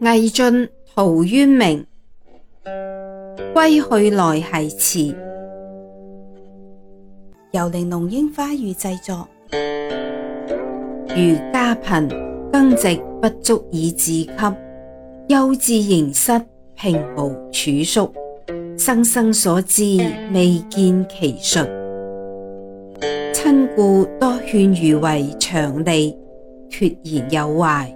魏晉陶淵明歸去來兮辭，由玲瓏櫻花語製作。余家貧，耕植不足以自給，幼稚盈室，瓶無儲粟，生生所資，未見其術。親故多勸余為長吏，脫然有懷。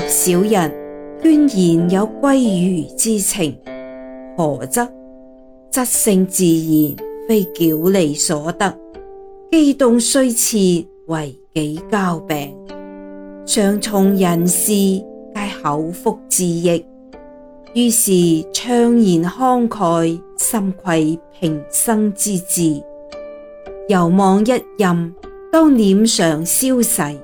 及少日，眷然有歸歟之情，何則？質性自然，非矯厲所得。飢凍雖切，違己交病。嘗從人事，皆口腹自役。於是悵然慷慨，深愧平生之志。猶望一稔，當斂裳宵逝。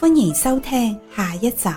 歡迎收聽下一集。